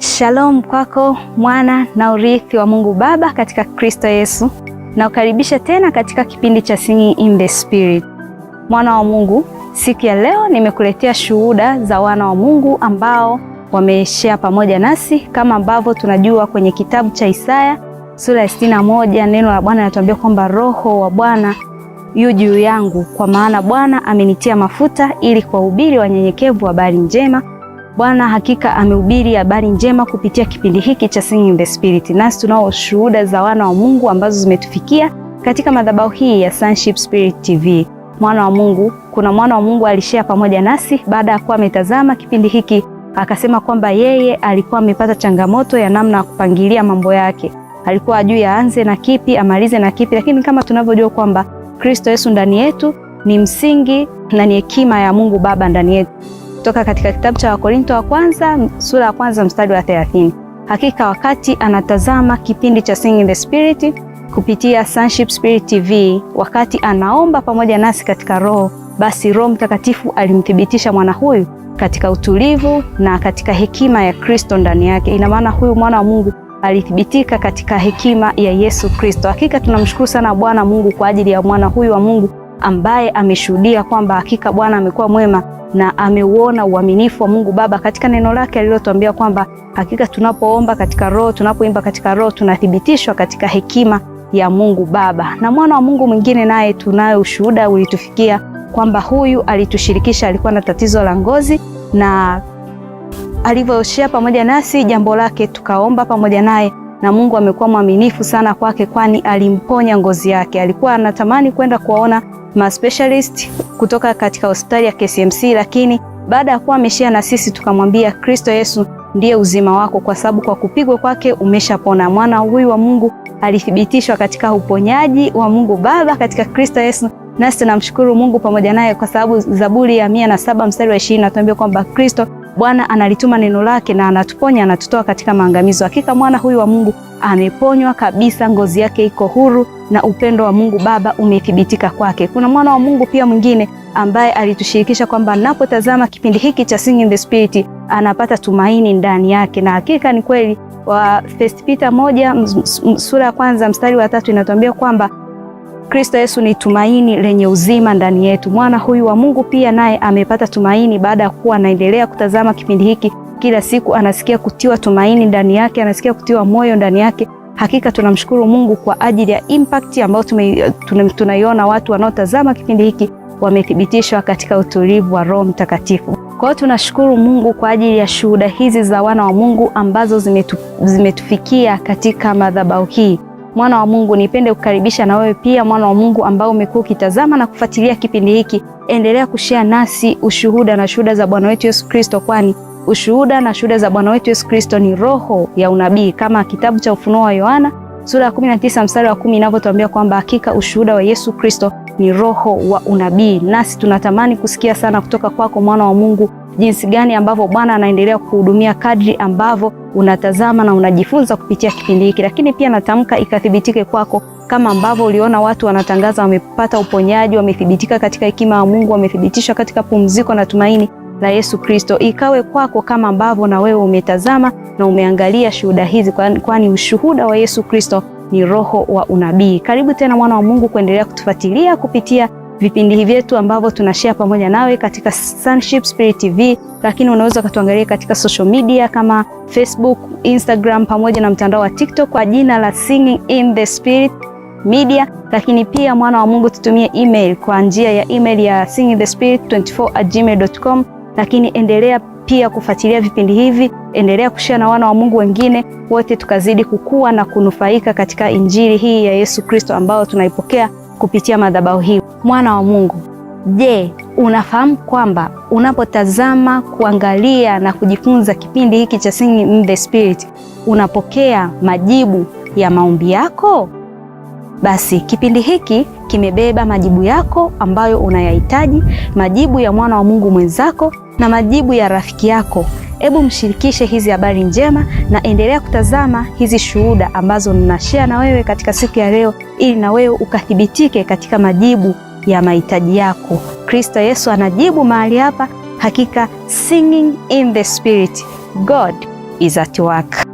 Shalom kwako mwana na urithi wa Mungu Baba katika Kristo Yesu. Na ukaribisha tena katika kipindi cha Singing in the Spirit. Mwana wa Mungu, siku ya leo nimekuletea shuhuda za wana wa Mungu ambao wameshare pamoja nasi, kama ambavyo tunajua kwenye kitabu cha Isaya sura ya 61 moja neno la Bwana linatuambia kwamba roho wa Bwana yu juu yangu, kwa maana Bwana amenitia mafuta ili kuwahubiri wanyenyekevu habari njema Bwana hakika amehubiri habari njema kupitia kipindi hiki cha Singing in the Spirit, nasi tunao shuhuda za wana wa Mungu ambazo zimetufikia katika madhabahu hii ya Sonship Spirit TV. Mwana wa Mungu, kuna mwana wa Mungu alishare pamoja nasi baada ya kuwa ametazama kipindi hiki, akasema kwamba yeye alikuwa amepata changamoto ya namna ya kupangilia mambo yake. Alikuwa ajui aanze na kipi amalize na kipi, lakini kama tunavyojua kwamba Kristo Yesu ndani yetu ni msingi na ni hekima ya Mungu Baba ndani yetu kutoka katika kitabu cha Wakorinto wa kwanza sura ya kwanza mstari wa 30. Hakika wakati anatazama kipindi cha Sing in the Spirit kupitia Sonship Spirit TV, wakati anaomba pamoja nasi katika Roho, basi Roho Mtakatifu alimthibitisha mwana huyu katika utulivu na katika hekima ya Kristo ndani yake. Ina maana huyu mwana wa Mungu alithibitika katika hekima ya Yesu Kristo. Hakika tunamshukuru sana Bwana Mungu kwa ajili ya mwana huyu wa Mungu ambaye ameshuhudia kwamba hakika Bwana amekuwa mwema na ameuona uaminifu wa Mungu Baba katika neno lake alilotuambia kwamba hakika tunapoomba katika Roho, tunapoimba katika Roho, tunathibitishwa katika hekima ya Mungu Baba. Na mwana wa Mungu mwingine naye tunayo ushuhuda ulitufikia kwamba huyu alitushirikisha, alikuwa na tatizo la ngozi na alivyoshea pamoja nasi jambo lake, tukaomba pamoja naye na Mungu amekuwa mwaminifu sana kwake, kwani alimponya ngozi yake. Alikuwa anatamani kwenda kuwaona ma specialist kutoka katika hospitali ya KCMC, lakini baada ya kuwa ameshia na sisi, tukamwambia Kristo Yesu ndiye uzima wako, kwa sababu kwa kupigwa kwake umeshapona. Mwana huyu wa Mungu alithibitishwa katika uponyaji wa Mungu Baba katika Kristo Yesu, nasi tunamshukuru Mungu pamoja naye, kwa sababu Zaburi ya mia na saba mstari wa ishirini natuambia kwamba Kristo Bwana analituma neno lake na anatuponya, anatutoa katika maangamizo. Hakika mwana huyu wa Mungu ameponywa kabisa, ngozi yake iko huru na upendo wa Mungu Baba umethibitika kwake. Kuna mwana wa Mungu pia mwingine ambaye alitushirikisha kwamba anapotazama kipindi hiki cha Singing in the Spirit anapata tumaini ndani yake, na hakika ni kweli wa First Peter moja sura ya kwanza mstari wa tatu inatuambia kwamba Kristo Yesu ni tumaini lenye uzima ndani yetu. Mwana huyu wa Mungu pia naye amepata tumaini baada ya kuwa anaendelea kutazama kipindi hiki kila siku, anasikia kutiwa tumaini ndani yake, anasikia kutiwa moyo ndani yake. Hakika tunamshukuru Mungu kwa ajili ya impact ambayo tunaiona, watu wanaotazama kipindi hiki wamethibitishwa katika utulivu wa Roho Mtakatifu. Kwa hiyo tunashukuru Mungu kwa ajili ya shuhuda hizi za wana wa Mungu ambazo zimetu, zimetufikia katika madhabahu hii. Mwana wa Mungu, nipende kukaribisha na wewe pia mwana wa Mungu ambao umekuwa ukitazama na kufuatilia kipindi hiki. Endelea kushea nasi ushuhuda na shuhuda za Bwana wetu Yesu Kristo, kwani ushuhuda na shuhuda za Bwana wetu Yesu Kristo ni roho ya unabii, kama kitabu cha Ufunuo wa Yohana sura ya 19 mstari wa 10 inavyotuambia kwamba hakika ushuhuda wa Yesu Kristo ni roho wa unabii. Nasi tunatamani kusikia sana kutoka kwako mwana wa Mungu jinsi gani ambavyo Bwana anaendelea kuhudumia kadri ambavyo unatazama na unajifunza kupitia kipindi hiki, lakini pia natamka ikathibitike kwako kama ambavyo uliona watu wanatangaza wamepata uponyaji, wamethibitika katika hekima ya Mungu, wamethibitishwa katika pumziko na tumaini la Yesu Kristo. Ikawe kwako kama ambavyo na wewe umetazama na umeangalia shuhuda hizi, kwani ushuhuda wa Yesu Kristo ni roho wa unabii. Karibu tena mwana wa Mungu kuendelea kutufuatilia kupitia vipindi vyetu ambavyo tunashare pamoja nawe katika Sonship Spirit TV, lakini unaweza ukatuangalia katika social media kama Facebook, Instagram pamoja na mtandao wa TikTok kwa jina la Singing in the Spirit Media. Lakini pia mwana wa Mungu, tutumie email kwa njia ya email ya singingthespirit24@gmail.com. Lakini endelea pia kufuatilia vipindi hivi, endelea kushare na wana wa Mungu wengine wote, tukazidi kukua na kunufaika katika injili hii ya Yesu Kristo ambayo tunaipokea kupitia madhabahu hii mwana wa Mungu, je, unafahamu kwamba unapotazama, kuangalia na kujifunza kipindi hiki cha Singing in the Spirit unapokea majibu ya maombi yako? Basi kipindi hiki kimebeba majibu yako ambayo unayahitaji, majibu ya mwana wa Mungu mwenzako na majibu ya rafiki yako. Hebu mshirikishe hizi habari njema na endelea kutazama hizi shuhuda ambazo ninashare na wewe katika siku ya leo, ili na wewe ukathibitike katika majibu ya mahitaji yako. Kristo Yesu anajibu mahali hapa, hakika singing in the spirit, God is at work.